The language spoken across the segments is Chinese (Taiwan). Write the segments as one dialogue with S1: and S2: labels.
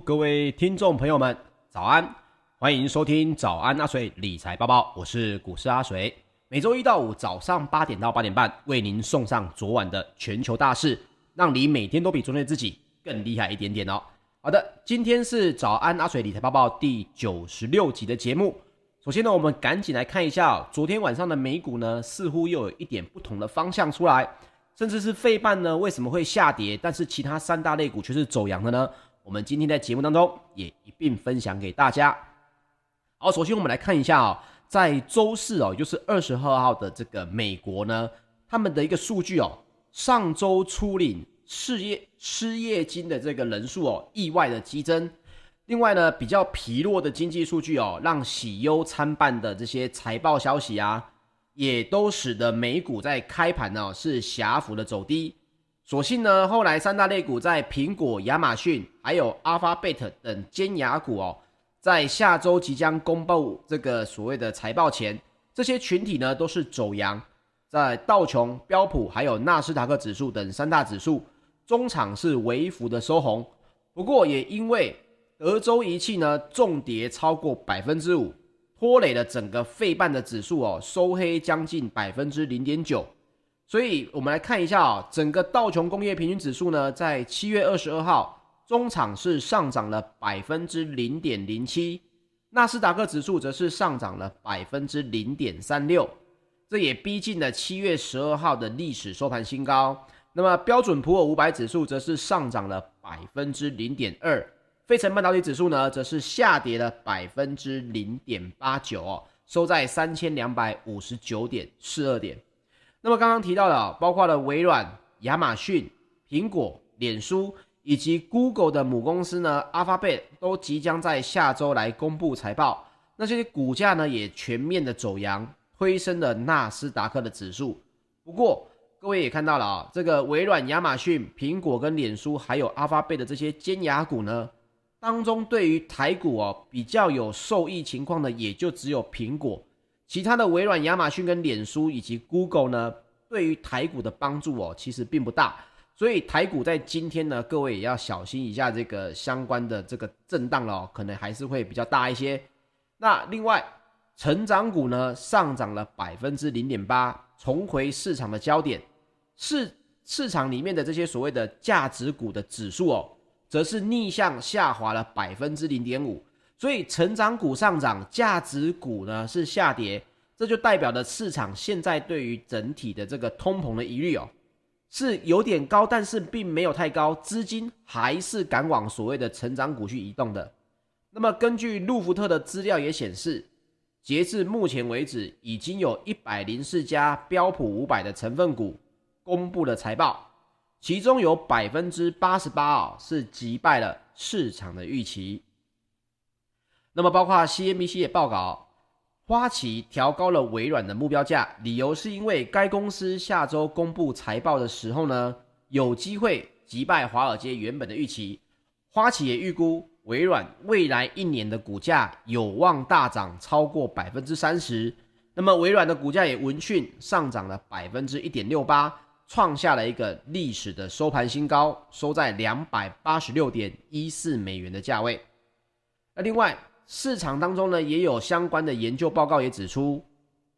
S1: 各位聽眾朋友們，早安！歡迎收聽《早安阿水理財報報》，我是股市阿水。每周一到五早上八點到八點半，為您送上昨晚的全球大事，讓你每天都比昨天自己更厲害一點點哦。好的，今天是《早安阿水理財報報》第九十六集的節目。首先呢，我們趕緊來看一下、哦、昨天晚上的美股呢，似乎又有一點不同的方向出來，甚至是費半呢為什麼會下跌？但是其他三大類股卻是走揚的呢？我們今天在節目當中也一併分享給大家。好，首先我們來看一下啊、哦，在周四哦，就是二十二號的這個美國呢，他們的一個數據哦，上周初領失業失業金的這個人數哦，意外的激增。另外呢，比較疲弱的經濟數據哦，讓喜憂參半的這些財報消息啊，也都使得美股在開盤呢是狹幅的走低。所幸呢，後來三大類股在蘋果、亞馬遜還有 Alphabet 等尖牙股哦，在下周即將公布這個所謂的財報前，這些群體呢都是走揚，在道瓊、標普還有納斯達克指數等三大指數，終場是微幅的收紅。不過也因為德州儀器呢重跌超過百分之五，拖累了整個費半的指數哦，收黑將近百分之零點九。所以我們來看一下啊，整個道瓊工業平均指數呢，在七月二十二號，中場是上漲了百分之零點零七，納斯達克指數則是上漲了百分之零點三六，這也逼近了七月十二號的歷史收盤新高。那麼標準普爾五百指數則是上漲了百分之零點二，費城半導體指數呢，則是下跌了百分之零點八九哦，收在三千兩百五十九點四二點。那麼剛剛提到了，包括了微軟、亞馬遜、蘋果、臉書以及 Google 的母公司呢，Alphabet 都即將在下周來公布財報，那些股價呢也全面的走揚，推升了納斯達克的指數。不過各位也看到了啊，這個微軟、亞馬遜、蘋果跟臉書，還有 Alphabet 的這些尖牙股呢當中，對於台股哦比較有受益情況的，也就只有蘋果。其他的微軟、亞馬遜跟臉書以及 Google 呢，對於台股的幫助哦，其實並不大。所以台股在今天呢，各位也要小心一下這個相關的這個震盪了哦，可能還是會比較大一些。那另外，成長股呢上漲了百分之零點八，重回市場的焦點。市市場裡面的這些所謂的價值股的指數哦，則是逆向下滑了百分之零點五。所以成長股上漲，價值股呢是下跌，這就代表了市場現在對於整體的這個通膨的疑慮哦，是有點高，但是並沒有太高，資金還是趕往所謂的成長股去移動的。那麼根據路孚特的資料也顯示，截至目前為止，已經有一百零四家標普五百的成分股公布了財報，其中有百分之八十八哦是擊敗了市場的預期。那麼，包括 CNBC 也報告，花旗調高了微軟的目標價，理由是因為該公司下週公佈財報的時候呢，有機會擊敗華爾街原本的預期。花旗也預估微軟未來一年的股價有望大漲超過百分之三十。那麼，微軟的股價也聞訊上漲了百分之一點六八，創下了一個歷史的收盤新高，收在兩百八十六點一四美元的價位。那另外，市場當中呢，也有相關的研究報告也指出，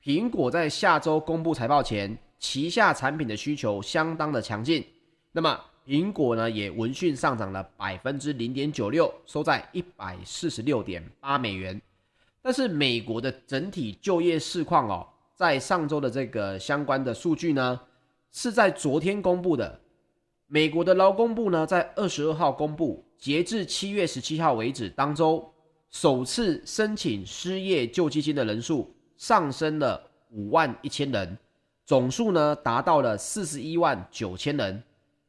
S1: 蘋果在下周公布財報前，旗下產品的需求相當的強勁。那麼，蘋果呢也聞訊上漲了百分之零點九六，收在一百四十六點八美元。但是，美國的整體就業市況哦，在上周的這個相關的數據呢，是在昨天公布的。美國的勞工部呢，在二十二號公布，截至七月十七號為止，當周，首次申請失業救濟金的人數上升了五萬一千人，總數呢達到了四十一萬九千人，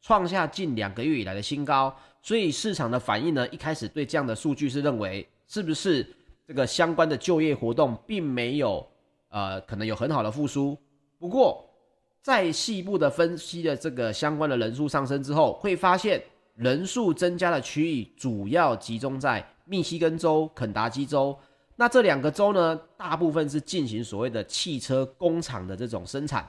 S1: 創下近兩個月以來的新高。所以市場的反應呢，一開始對這樣的數據是認為是不是這個相關的就業活動並沒有呃可能有很好的復甦。不過在細部的分析的這個相關的人數上升之後，會發現人數增加的區域主要集中在。密西根州、肯達基州，那這兩個州呢，大部分是進行所謂的汽車工廠的這種生產，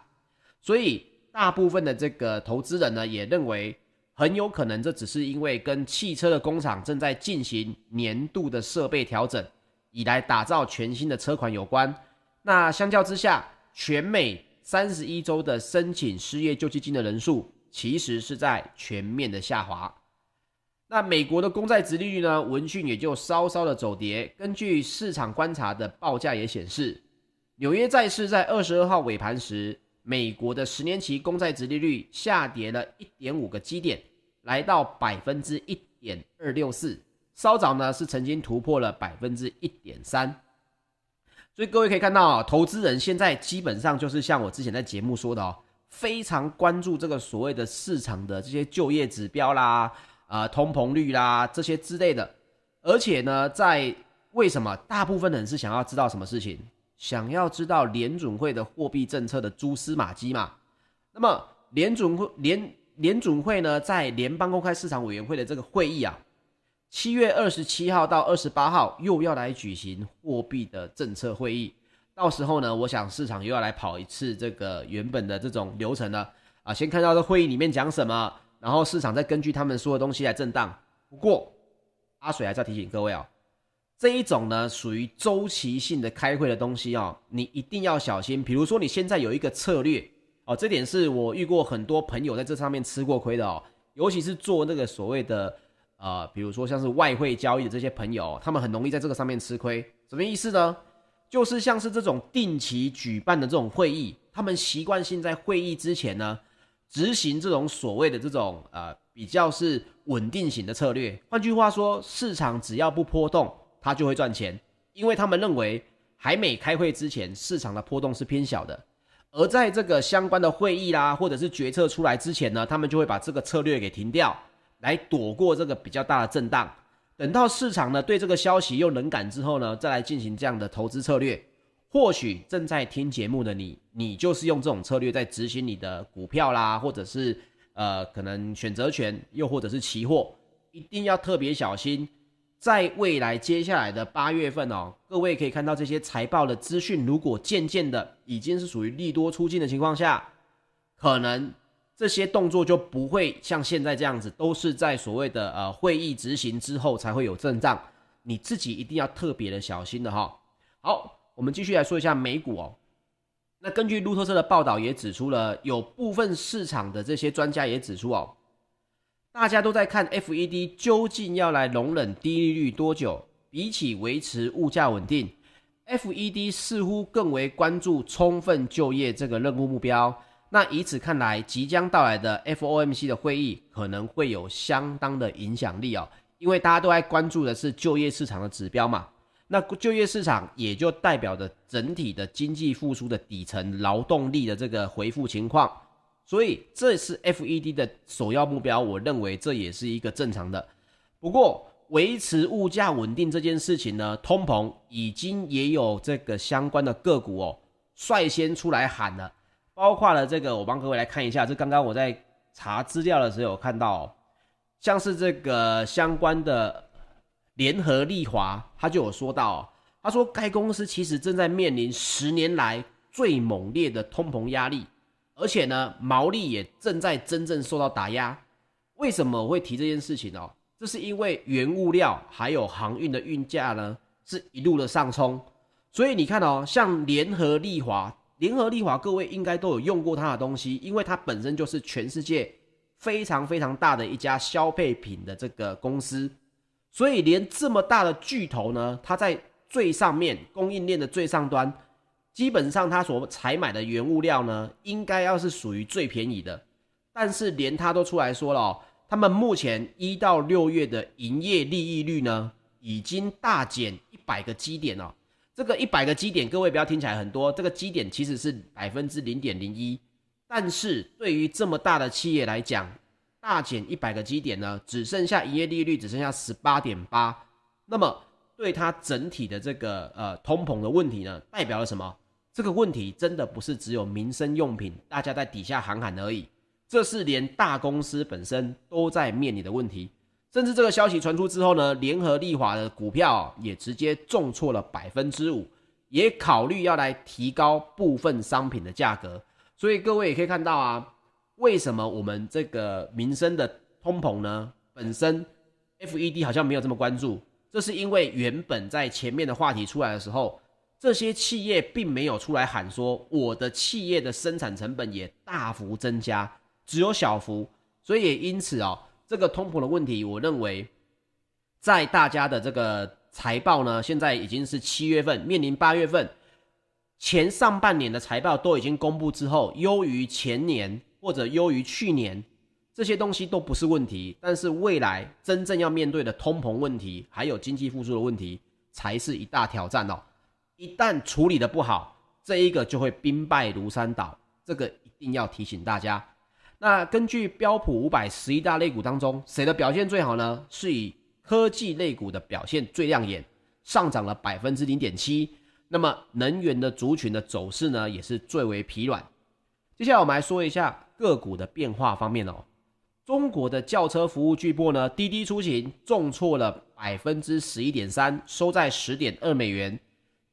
S1: 所以大部分的這個投資人呢，也認為很有可能這只是因為跟汽車的工廠正在進行年度的設備調整，以來打造全新的車款有關。那相較之下，全美三十一州的申請失業救濟金的人數，其實是在全面的下滑。那美國的公債殖利率呢，聞訊也就稍稍的走跌。根據市場觀察的報價也顯示，紐約債市在二十二號尾盤時，美國的十年期公債殖利率下跌了一點五個基點，來到百分之一點二六四。稍早呢，是曾經突破了百分之一點三。所以各位可以看到，投資人現在基本上就是像我之前在節目說的哦，非常關注這個所謂的市場的這些就業指標啦。啊，通膨率啦、啊，這些之類的，而且呢，在為什麼大部分的人是想要知道什麼事情？想要知道聯準會的貨幣政策的蛛絲馬跡嘛？那麼聯準會聯聯準會呢，在聯邦公開市場委員會的這個會議啊，七月二十七號到二十八號又要來舉行貨幣的政策會議，到時候呢，我想市場又要來跑一次這個原本的這種流程了啊，先看到這個會議裡面講什麼。然後市場再根據他們說的東西來震盪。不過阿水還是要提醒各位啊、哦，這一種呢屬於周期性的開會的東西啊、哦，你一定要小心。比如說你現在有一個策略哦，這點是我遇過很多朋友在這上面吃過虧的哦。尤其是做那個所謂的呃，比如說像是外匯交易的這些朋友、哦，他們很容易在這個上面吃虧。什麼意思呢？就是像是這種定期舉辦的這種會議，他們習慣性在會議之前呢。執行這種所謂的這種呃，比較是穩定型的策略，換句話說，市場只要不波動，它就會賺錢。因為他們認為，還沒開會之前，市場的波動是偏小的，而在這個相關的會議啦，或者是決策出來之前呢，他們就會把這個策略給停掉，來躲過這個比較大的震盪。等到市場呢對這個消息又冷感之後呢，再來進行這樣的投資策略。或許正在聽節目的你，你就是用這種策略在執行你的股票啦，或者是呃，可能選擇權又或者是期貨，一定要特別小心。在未來接下來的八月份哦，各位可以看到這些財報的資訊，如果漸漸的已經是屬於利多出盡的情況下，可能這些動作就不會像現在這樣子，都是在所謂的呃會議執行之後才會有震盪，你自己一定要特別的小心的哈、哦。好。我們繼續來說一下美股哦。那根據路透社的報道也指出了，有部分市場的這些專家也指出哦，大家都在看 FED 究竟要來容忍低利率多久？比起維持物價穩定，FED 似乎更為關注充分就業這個任務目標。那以此看來，即將到來的 FOMC 的會議可能會有相當的影響力哦，因為大家都在關注的是就業市場的指標嘛。那就業市場也就代表着整體的經濟復甦的底層勞動力的這個回復情況，所以這是 FED 的首要目標。我認為這也是一個正常的。不過維持物價穩定這件事情呢，通膨已經也有這個相關的個股哦率先出來喊了，包括了這個，我幫各位來看一下，這剛剛我在查資料的時候有看到哦，像是這個相關的。聯合利華，他就有說到，他說該公司其實正在面臨十年來最猛烈的通膨壓力，而且呢，毛利也正在真正受到打壓。為什麼我會提這件事情呢？這是因為原物料還有航運的運價呢是一路的上衝，所以你看哦，像聯合利華，聯合利華各位應該都有用過它的東西，因為它本身就是全世界非常非常大的一家消費品的這個公司。所以，連這麼大的巨頭呢，它在最上面供應鏈的最上端，基本上它所採買的原物料呢，應該要是屬於最便宜的。但是，連它都出來說了哦，他們目前一到六月的營業利益率呢，已經大減一百個基點了。這個一百個基點，各位不要聽起來很多，這個基點其實是百分之零點零一，但是對於這麼大的企業來講。大減一百個基點呢，只剩下營業利率，只剩下十八點八，那麼對它整體的這個呃，通膨的問題呢，代表了什麼？這個問題真的不是只有民生用品，大家在底下喊喊而已，這是連大公司本身都在面臨的問題。甚至這個消息傳出之後呢，聯合利華的股票也直接重挫了百分之五，也考慮要來提高部分商品的價格。所以各位也可以看到啊。為什麼我們這個民生的通膨呢？本身 FED 好像沒有這麼關注，這是因為原本在前面的話題出來的時候，這些企業並沒有出來喊說我的企業的生產成本也大幅增加，只有小幅，所以也因此啊、哦，這個通膨的問題，我認為在大家的這個財報呢，現在已經是七月份面臨八月份前上半年的財報都已經公布之後，優於前年。或者優於去年，這些東西都不是問題。但是未來真正要面對的通膨問題，還有經濟復甦的問題，才是一大挑戰哦。一旦處理得不好，這一個就會兵敗如山倒。這個一定要提醒大家。那根據標普五百十一大類股當中，誰的表現最好呢？是以科技類股的表現最亮眼，上漲了百分之零點七。那麼能源的族群的走勢呢，也是最為疲軟。接下來我們來說一下。個股的變化方面哦，中國的叫車服務巨擘呢，滴滴出行重挫了百分之十一點三，收在十點二美元。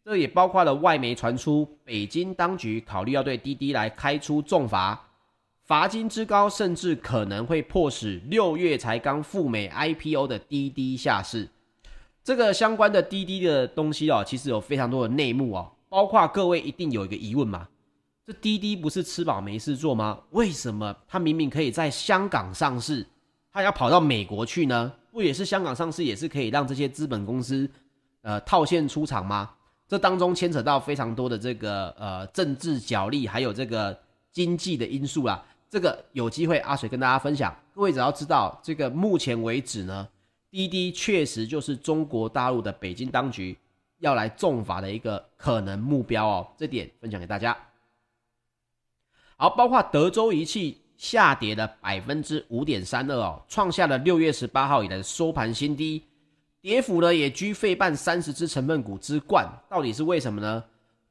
S1: 這也包括了外媒傳出，北京當局考慮要對滴滴來開出重罰，罰金之高，甚至可能會迫使六月才剛赴美 IPO 的滴滴下市。這個相關的滴滴的東西哦，其實有非常多的內幕哦，包括各位一定有一個疑問嘛？這滴滴不是吃飽沒事做嗎？為什麼他明明可以在香港上市，他要跑到美國去呢？不也是香港上市也是可以讓這些資本公司，呃套現出場嗎？這當中牽扯到非常多的這個呃政治角力，還有這個經濟的因素啦。這個有機會阿水跟大家分享。各位只要知道這個目前為止呢，滴滴確實就是中國大陸的北京當局要來重罰的一個可能目標哦。這點分享給大家。好，包括德州儀器下跌了百分之五點三二哦，創下了六月十八號以來的收盤新低，跌幅呢也居費半三十隻成分股之冠。到底是為什麼呢？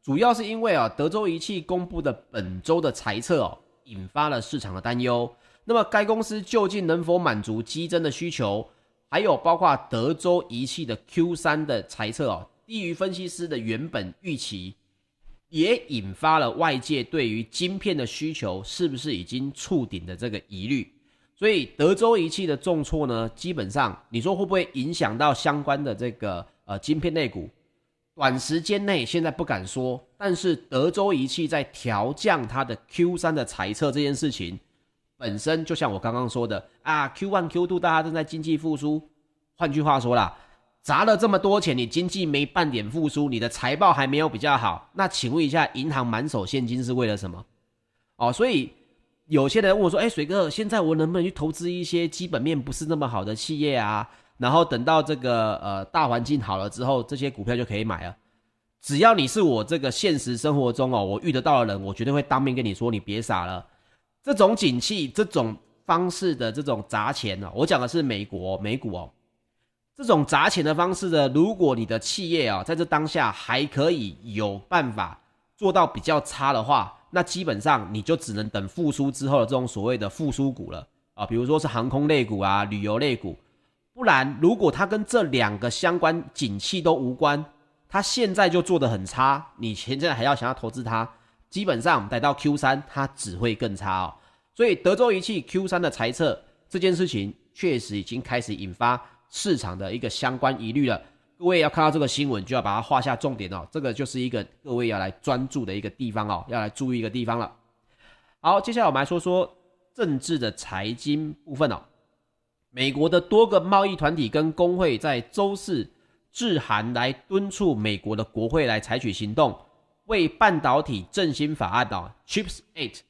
S1: 主要是因為啊、哦，德州儀器公布的本周的財測哦，引發了市場的擔憂。那麼該公司究竟能否滿足激增的需求？還有包括德州儀器的 Q 三的財測哦，低於分析師的原本預期。也引發了外界對於晶片的需求是不是已經觸頂的這個疑慮，所以德州儀器的重挫呢，基本上你說會不會影響到相關的這個呃晶片類股？短時間內現在不敢說，但是德州儀器在調降它的 Q 三的財測這件事情，本身就像我剛剛說的啊，Q one Q two 大家正在經濟復甦，換句話說啦。砸了這麼多錢，你經濟沒半點復甦，你的財報還沒有比較好，那請問一下，銀行滿手現金是為了什麼？哦，所以有些人問我說：“哎，水哥，現在我能不能去投資一些基本面不是那麼好的企業啊？然後等到這個呃大環境好了之後，這些股票就可以買了。”只要你是我這個現實生活中哦，我遇得到的人，我絕對會當面跟你說，你別傻了，這種景氣，這種方式的這種砸錢呢、哦，我講的是美國、哦、美股哦。這種砸錢的方式呢，如果你的企業啊，在這當下還可以有辦法做到比較差的話，那基本上你就只能等復甦之後的這種所謂的復甦股了啊，比如說是航空類股啊、旅遊類股，不然如果它跟這兩個相關景氣都無關，它現在就做得很差，你現在還要想要投資它，基本上待到 Q 三它只會更差哦。所以德州儀器 Q 三的財測這件事情，確實已經開始引發。市場的一個相關疑慮了。各位要看到這個新聞，就要把它劃下重點哦。這個就是一個各位要來專注的一個地方哦，要來注意一個地方了。好，接下來我們來說說政治的財經部分哦。美國的多個貿易團體跟工會在周四致函來敦促美國的國會來採取行動，為半導體振興法案哦。Chips Act，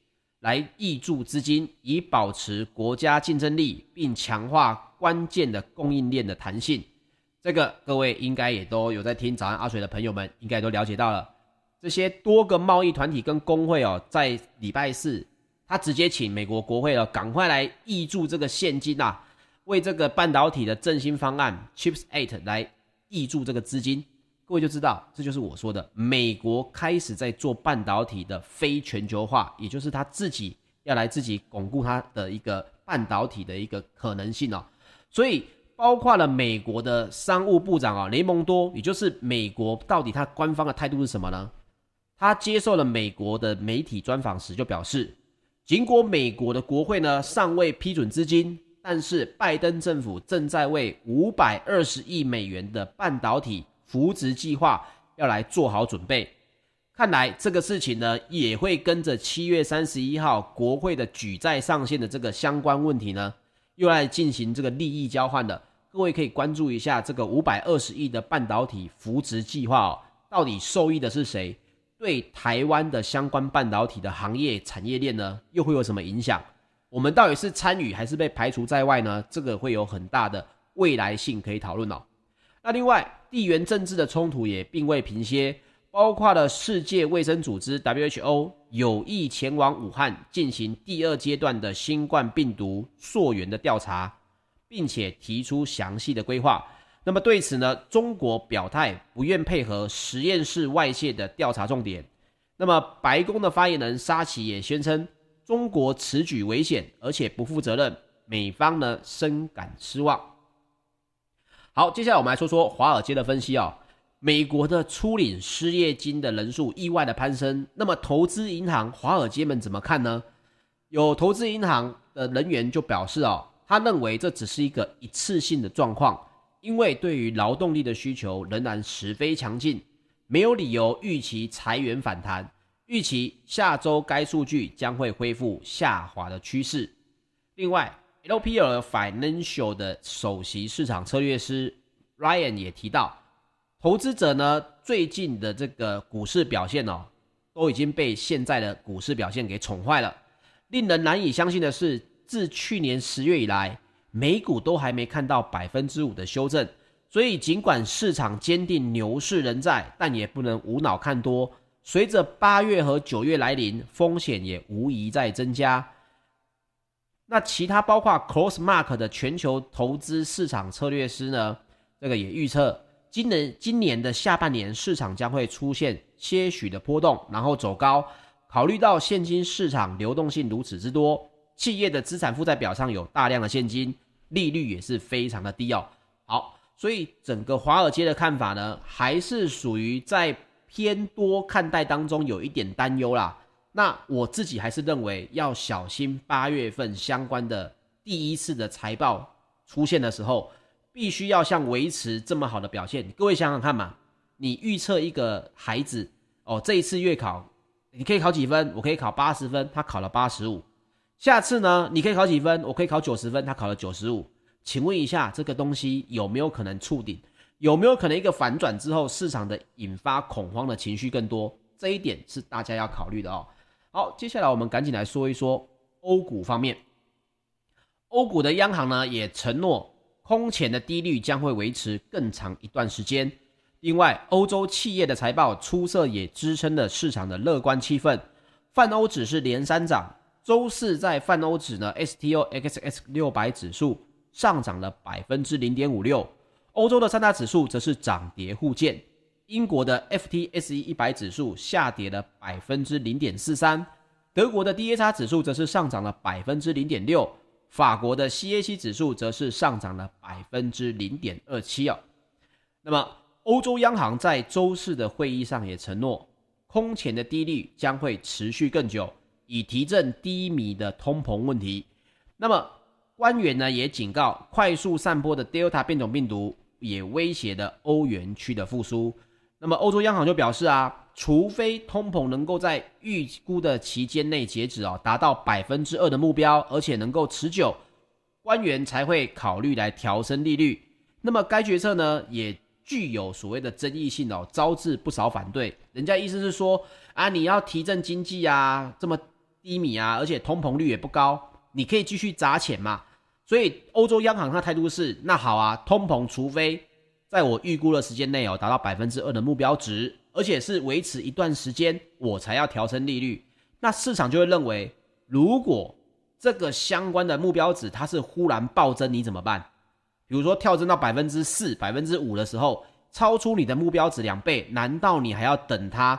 S1: 來挹注資金，以保持國家競爭力並強化。關鍵的供應鏈的彈性，這個各位應該也都有在聽早安阿水的朋友們應該都了解到了。這些多個貿易團體跟工會哦，在禮拜四，他直接請美國國會哦，趕快來挹注這個現金啊，為這個半導體的振興方案 Chips Act 來挹注這個資金。各位就知道，這就是我說的，美國開始在做半導體的非全球化，也就是他自己要來自己鞏固他的一個半導體的一個可能性哦。所以，包括了美國的商務部長啊，雷蒙多，也就是美國到底他官方的態度是什麼呢？他接受了美國的媒體專訪時就表示，儘管美國的國會呢尚未批准資金，但是拜登政府正在為五百二十億美元的半導體扶植計劃要來做好準備。看來這個事情呢，也會跟着七月三十一號國會的舉債上限的這個相關問題呢。又來進行這個利益交換的，各位可以關注一下這個五百二十億的半導體扶植計劃哦，到底受益的是誰？對台灣的相關半導體的行業產業鏈呢，又會有什麼影響？我們到底是參與還是被排除在外呢？這個會有很大的未來性可以討論哦。那另外，地緣政治的衝突也並未平息。包括了世界衛生組織 WHO 有意前往武漢進行第二階段的新冠病毒溯源的調查，並且提出詳細的規劃。那麼對此呢，中國表態不願配合實驗室外泄的調查重點。那麼白宮的發言人沙奇也宣稱，中國此舉危險，而且不負責任，美方呢深感失望。好，接下來我們來說說華爾街的分析啊、哦。美國的初領失業金的人數意外的攀升，那麼投資銀行華爾街們怎麼看呢？有投資銀行的人員就表示哦，他認為這只是一個一次性的狀況，因為對於勞動力的需求仍然十分強勁，沒有理由預期裁員反彈，預期下周該數據將會恢復下滑的趨勢。另外，LPL Financial 的首席市場策略師 Ryan 也提到。投資者呢，最近的這個股市表現哦，都已經被現在的股市表現給寵壞了。令人難以相信的是，自去年十月以來，美股都還沒看到百分之五的修正。所以，儘管市場堅定牛市仍在，但也不能無腦看多。隨着八月和九月來臨，風險也無疑在增加。那其他包括 CrossMark 的全球投資市場策略師呢，這個也預測。今年今年的下半年市場將會出現些許的波動，然後走高。考慮到現金市場流動性如此之多，企業的資產負債表上有大量的現金，利率也是非常的低哦。好，所以整個華爾街的看法呢，還是屬於在偏多看待當中，有一點擔憂啦。那我自己還是認為要小心八月份相關的第一次的財報出現的時候。必須要像維持這麼好的表現，各位想想看嘛，你預測一個孩子哦，這一次月考你可以考幾分？我可以考八十分，他考了八十五。下次呢，你可以考幾分？我可以考九十分，他考了九十五。請問一下，這個東西有沒有可能觸頂？有沒有可能一個反轉之後，市場的引發恐慌的情緒更多？這一點是大家要考慮的哦。好，接下來我們趕緊來說一說歐股方面，歐股的央行呢也承諾。空前的低率將會維持更長一段時間。另外，歐洲企業的財報出色也支撐了市場的樂觀氣氛。泛歐指是連三漲，周四在泛歐指呢，STOXX600 指數上漲了百分之零點五六。歐洲的三大指數則是漲跌互見，英國的 FTSE100 指數下跌了百分之零點四三，德國的 DAX 指數則是上漲了百分之零點六。法國的 CAC 指數則是上漲了百分之零點二七哦。那麼，歐洲央行在周四的會議上也承諾，空前的低利率將會持續更久，以提振低迷的通膨問題。那麼，官員呢也警告，快速散播的 Delta 變種病毒也威脅了歐元區的復甦。那麼歐洲央行就表示啊，除非通膨能夠在預估的期間內截止哦，達到百分之二的目標，而且能夠持久，官員才會考慮來調升利率。那麼該決策呢，也具有所謂的爭議性哦，招致不少反對。人家意思是說啊，你要提振經濟啊，這麼低迷啊，而且通膨率也不高，你可以繼續砸錢嘛。所以歐洲央行他態度是，那好啊，通膨除非。在我預估的時間內哦，達到百分之二的目標值，而且是維持一段時間，我才要調升利率。那市場就會認為，如果這個相關的目標值它是忽然暴增，你怎麼辦？比如說跳增到百分之四、百分之五的時候，超出你的目標值兩倍，難道你還要等它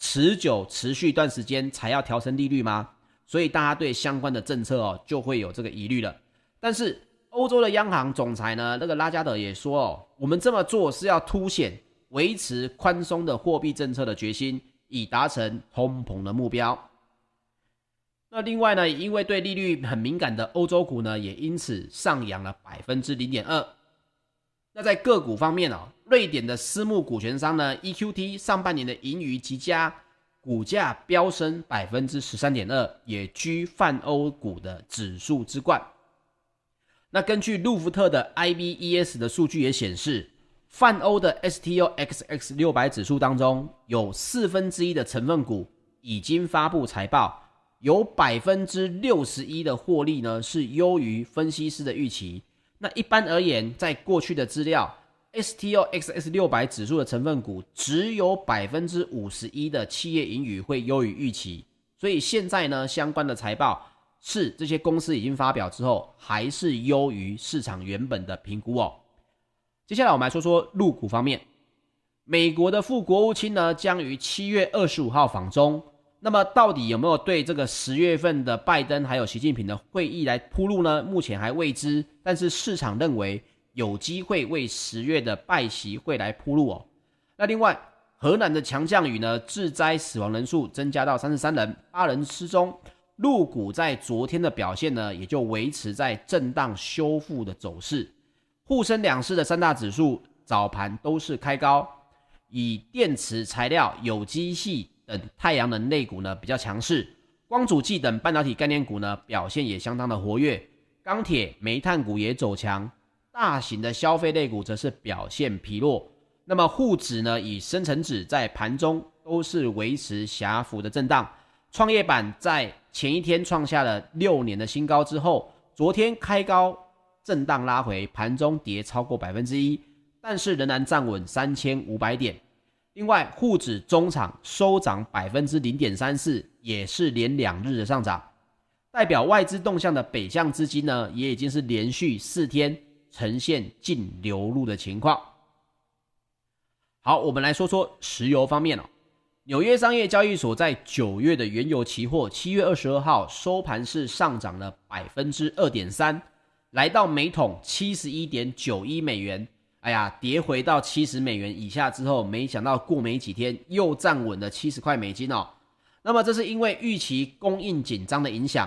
S1: 持久持續一段時間才要調升利率嗎？所以大家對相關的政策哦，就會有這個疑慮了。但是，歐洲的央行總裁呢，那個拉加德也說哦，我們這麼做是要凸顯維持寬鬆的貨幣政策的決心，以達成通膨的目標。那另外呢，因為對利率很敏感的歐洲股呢，也因此上揚了百分之零點二。那在個股方面哦，瑞典的私募股權商呢，EQT 上半年的盈餘極佳，股價飆升百分之十三點二，也居泛歐股的指數之冠。那根據路孚特的 IBES 的數據也顯示，泛歐的 STOXX 六百指數當中，有四分之一的成分股已經發布財報有61，有百分之六十一的獲利呢是優於分析師的預期。那一般而言，在過去的資料，STOXX 六百指數的成分股只有百分之五十一的企業盈餘會優於預期，所以現在呢相關的財報。是這些公司已經發表之後，還是優於市場原本的評估哦。接下來我們來說說陸股方面，美國的副國務卿呢將於七月二十五號訪中，那麼到底有沒有對這個十月份的拜登還有習近平的會議來鋪路呢？目前還未知，但是市場認為有機會為十月的拜習會來鋪路哦。那另外，河南的強降雨呢，致災死亡人數增加到三十三人，八人失蹤。陸股在昨天的表現呢，也就維持在震盪修復的走勢。滬深兩市的三大指數早盤都是開高，以電池材料、有機系等太陽能類股呢比較強勢，光主器等半導體概念股呢表現也相當的活躍，鋼鐵、煤炭股也走強，大型的消費類股則是表現疲弱。那麼滬指呢，以深成指在盤中都是維持狹幅的震盪，創業板在前一天創下了六年的新高之後，昨天開高震盪拉回，盤中跌超過百分之一，但是仍然站穩三千五百點。另外，滬指中場收漲百分之零點三四，也是連兩日的上漲，代表外資動向的北向資金呢，也已經是連續四天呈現淨流入的情況。好，我們來說說石油方面了哦。紐約商業交易所在九月的原油期貨七月二十二號收盤是上漲了百分之二點三，來到每桶七十一點九一美元。哎呀，跌回到七十美元以下之後，沒想到過沒幾天又站穩了七十塊美金哦。那麼，這是因為預期供應緊張的影響。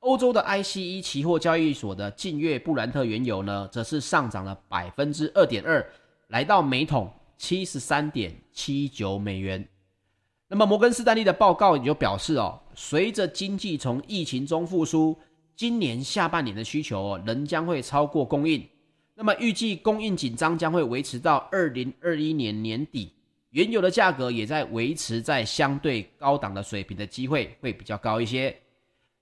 S1: 歐洲的 ICE 期貨交易所的近月布蘭特原油呢，則是上漲了百分之二點二，來到每桶七十三點七九美元。那麼摩根士丹利的報告也就表示哦，隨着經濟從疫情中復甦，今年下半年的需求哦仍將會超過供應。那麼預計供應緊張將會維持到二零二一年年底，原油的價格也在維持在相對高檔的水平的機會會比較高一些。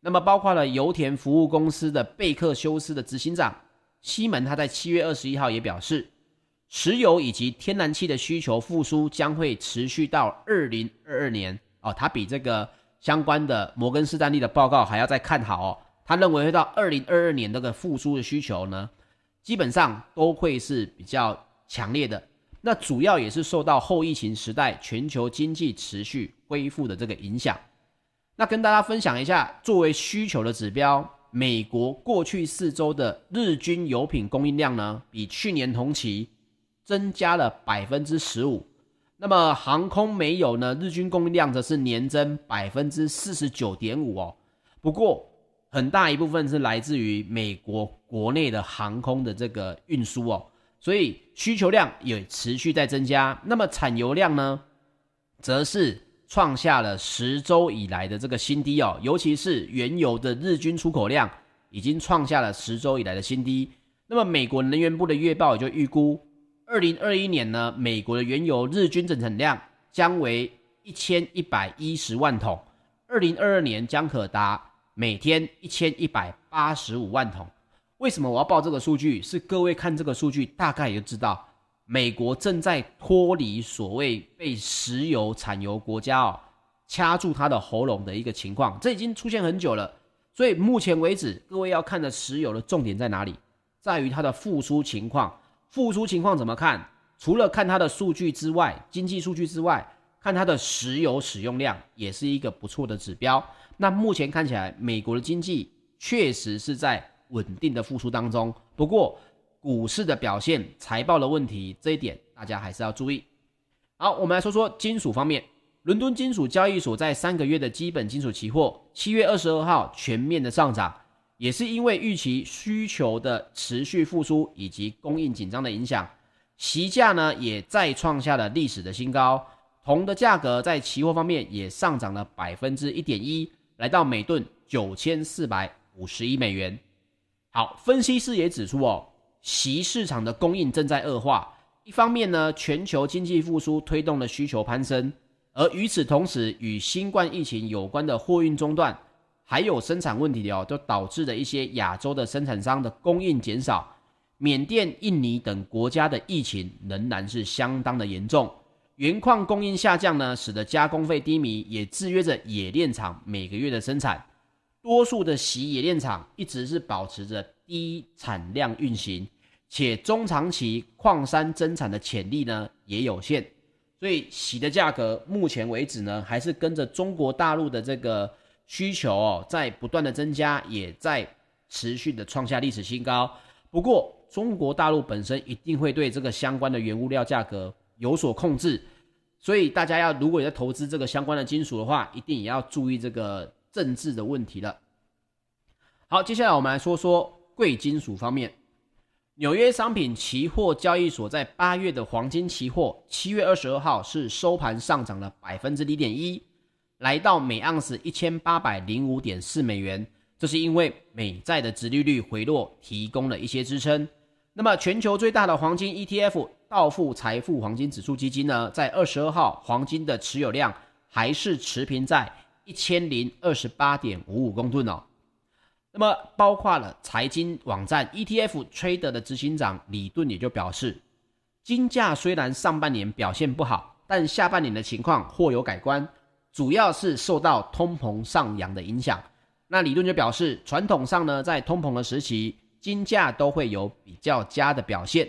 S1: 那麼包括了油田服務公司的貝克休斯的執行長西門，他在七月二十一號也表示。石油以及天然氣的需求復甦將會持續到二零二二年哦，它比這個相關的摩根士丹利的報告還要再看好哦。他認為會到二零二二年這個復甦的需求呢，基本上都會是比較強烈的。那主要也是受到後疫情時代全球經濟持續恢復的這個影響。那跟大家分享一下，作為需求的指標，美國過去四週的日均油品供應量呢，比去年同期增加了百分之十五，那麼航空煤油呢？日均供應量則是年增百分之四十九點五哦。不過很大一部分是來自於美國國內的航空的這個運輸哦，所以需求量也持續在增加。那麼產油量呢，則是創下了十周以來的這個新低哦，尤其是原油的日均出口量已經創下了十周以來的新低。那麼美國能源部的月報也就預估。二零二一年呢，美國的原油日均整產量將為一千一百一十萬桶，二零二二年將可達每天一千一百八十五萬桶。為什麼我要報這個數據？是各位看這個數據，大概也就知道美國正在脫離所謂被石油產油國家哦掐住它的喉嚨的一個情況，這已經出現很久了。所以目前為止，各位要看的石油的重點在哪裡？在於它的復甦情況。復甦情況怎麼看？除了看它的數據之外，經濟數據之外，看它的石油使用量也是一個不錯的指標。那目前看起來，美國的經濟確實是在穩定的復甦當中。不過，股市的表現、財報的問題，這一點大家還是要注意。好，我們來說說金屬方面。倫敦金屬交易所在三個月的基本金屬期貨，七月二十二號全面的上漲。也是因為預期需求的持續復甦以及供應緊張的影響，錫價呢也再創下了歷史的新高。銅的價格在期貨方面也上漲了百分之一點一，來到每噸九千四百五十一美元。好，分析師也指出哦，錫市場的供應正在惡化。一方面呢，全球經濟復甦推動了需求攀升，而與此同時，與新冠疫情有關的貨運中斷。還有生產問題哦，就導致了一些亞洲的生產商的供應減少。緬甸、印尼等國家的疫情仍然是相當的嚴重。原礦供應下降呢，使得加工費低迷，也制約着冶煉廠每個月的生產。多數的錫冶煉廠一直是保持着低產量運行，且中長期礦山增產的潛力呢也有限。所以，錫的價格目前為止呢，還是跟着中國大陸的這個。需求哦，在不斷的增加，也在持續的創下歷史新高。不過中國大陸本身一定會對這個相關的原物料價格有所控制，所以大家要，如果你在投資這個相關的金屬的話，一定也要注意這個政治的問題了。好，接下來我們來說說貴金屬方面。紐約商品期貨交易所在八月的黃金期貨七月二十二號是收盤上漲了百分之零點一，來到每盎司一千八百零五點四美元，這是因為美債的殖利率回落提供了一些支撐。那麼，全球最大的黃金 ETF 道富財富黃金指數基金呢，在二十二號黃金的持有量還是持平在一千零二十八點五五公噸哦。那麼，包括了財經網站 ETF Trade 的執行長李頓也就表示，金價雖然上半年表現不好，但下半年的情況或有改觀。主要是受到通膨上揚的影響，那李頓就表示，傳統上呢，在通膨的時期，金價都會有比較佳的表現。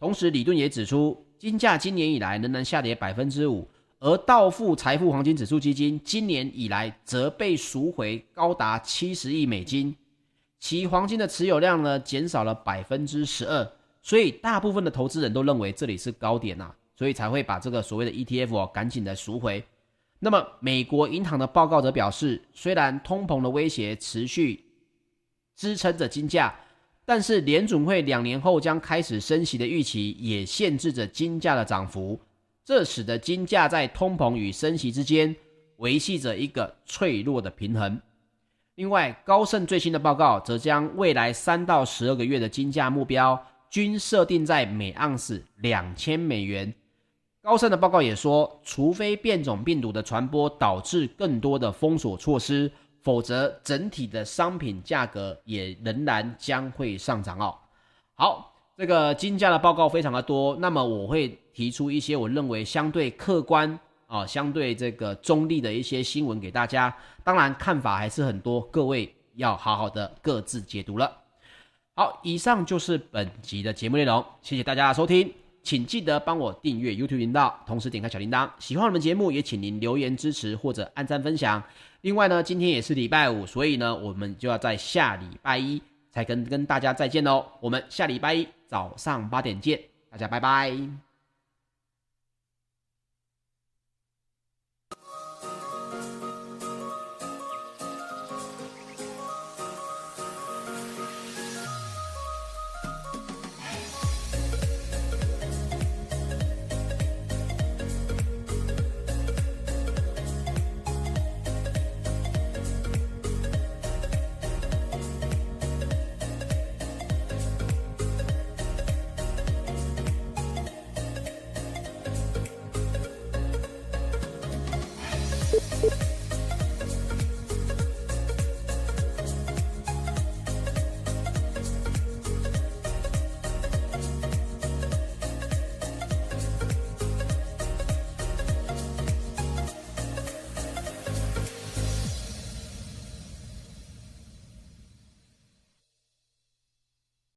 S1: 同時，李頓也指出，金價今年以來仍然下跌百分之五，而道富財富黃金指數基金今年以來則被贖回高達七十億美金，其黃金的持有量呢減少了百分之十二。所以，大部分的投資人都認為這裡是高點吶、啊，所以才會把這個所謂的 ETF 哦趕緊的贖回。那麼，美國銀行的報告則表示，雖然通膨的威脅持續支撐着金價，但是聯準會兩年後將開始升息的預期也限制着金價的漲幅，這使得金價在通膨與升息之間維繫着一個脆弱的平衡。另外，高盛最新的報告則將未來三到十二個月的金價目標均設定在每盎司兩千美元。高盛的報告也說，除非變種病毒的傳播導致更多的封鎖措施，否則整體的商品價格也仍然將會上漲哦。好，這個金價的報告非常的多，那麼我會提出一些我認為相對客觀啊、相對這個中立的一些新聞給大家。當然，看法還是很多，各位要好好的各自解讀了。好，以上就是本集的節目內容，謝謝大家的收聽。請記得幫我訂閱 YouTube 頻道，同時點開小鈴鐺。喜歡我們節目，也請您留言支持或者按贊分享。另外呢，今天也是禮拜五，所以呢，我們就要在下禮拜一才跟跟大家再見嘍。我們下禮拜一早上八點見，大家拜拜。